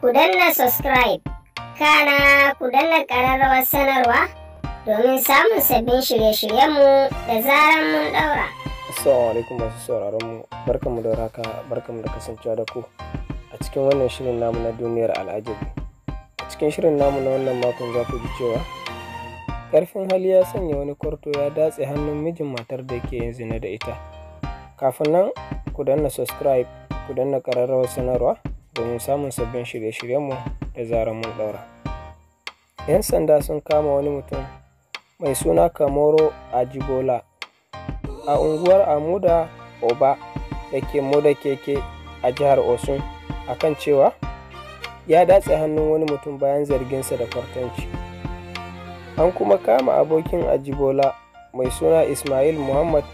ku danna subscribe kana ku danna ƙararrawar sanarwa domin samun sabbin shirye-shiryenmu da zarar mun daura. Assalamu alaikum masu sauraron mu barkamu da raka barkamu da kasancewa da ku a cikin wannan shirin namu na duniyar al'ajabi a cikin shirin namu na wannan makon za ku ji cewa karfin hali ya sanya wani kwarto ya datse hannun mijin matar da ke yin zina da ita kafin nan ku danna subscribe ku danna ƙararrawar sanarwa domin samun sabbin shirye-shiryenmu da zarar mun ɗaura. 'Yan sanda sun kama wani mutum mai suna Kamoro Ajibola a unguwar Amuda Oba da ke Moda Keke a jihar Osun a kan cewa ya datse hannun wani mutum bayan zarginsa da kwartanci. An kuma kama abokin Ajibola mai suna Ismail Muhammad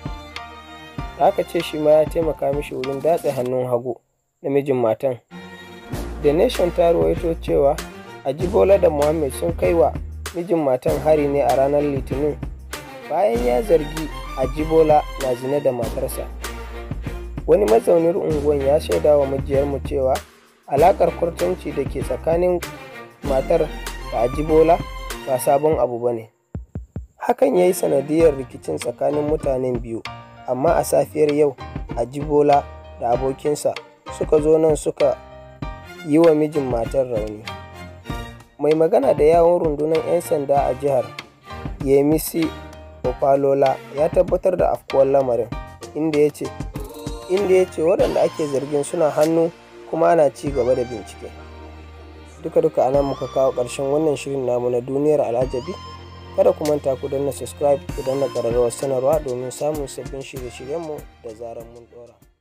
da aka ce shi ma ya taimaka mishi wurin datse hannun hagu namijin matan the nation ta ruwaito cewa ajibola da Mohammed sun kai wa mijin matan hari ne a ranar litinin bayan ya zargi ajibola na zina da matarsa wani mazaunin unguwan ya shaida wa mijiyarmu cewa alakar kwartanci da ke tsakanin matar da ajibola ba sabon abu ba ne hakan ya yi sanadiyar rikicin tsakanin mutanen biyu amma a safiyar yau ajibola da abokinsa suka zo nan suka yi wa mijin matar rauni. Mai magana da yawon rundunar 'yan sanda a jihar, Yemisi Opalola, ya tabbatar da afkuwar lamarin, inda ya ce, inda ya ce waɗanda ake zargin suna hannu kuma ana ci gaba da bincike. Duka-duka anan muka kawo ƙarshen wannan shirin namu na duniyar al'ajabi. Kada ku manta ku danna subscribe ku danna ƙararrawar sanarwa domin samun sabbin shirye-shiryenmu da zarar mun ɗora.